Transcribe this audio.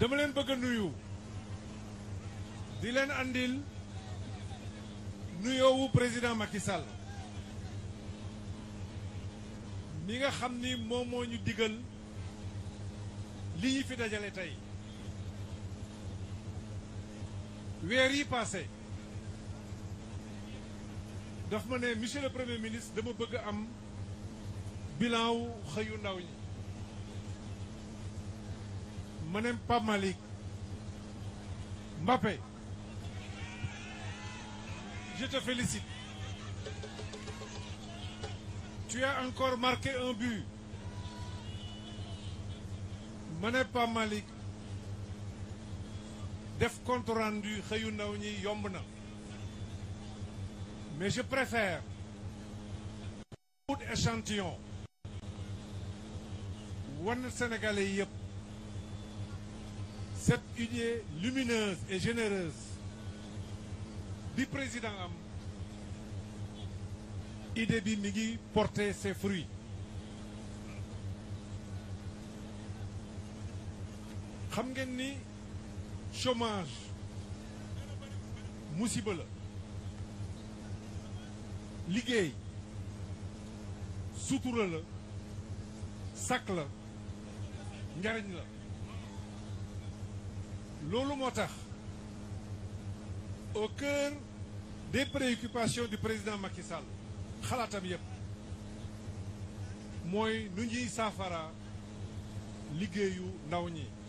dama leen bëgg a nuyu di leen andil nuyoowu président Macky Sall mi nga xam ni moomoo ñu digal li ñu fi dajale tey weer yi passé daf ma ne monsieur le premier ministre dama bëgg am bilan wu xëyu ndaw yi Menem Pape Malick Mbappé je te félicite tu as encore marqué un but Menem Pape def compte rendu xëyu ndaw ñi yomb na mais je préfère wut échantillon wan yëpp cette idée lumineuse et généreuse bi président am idée bi mi ngi porter ses fruits xam ngeen ni chômage musiba la liggéey sutura la sakk la njariñ la loolu moo tax au cœur des préoccupations du président Macky Sall xalaatam yépp mooy nu ñuy saafara liggéeyu ndaw ñi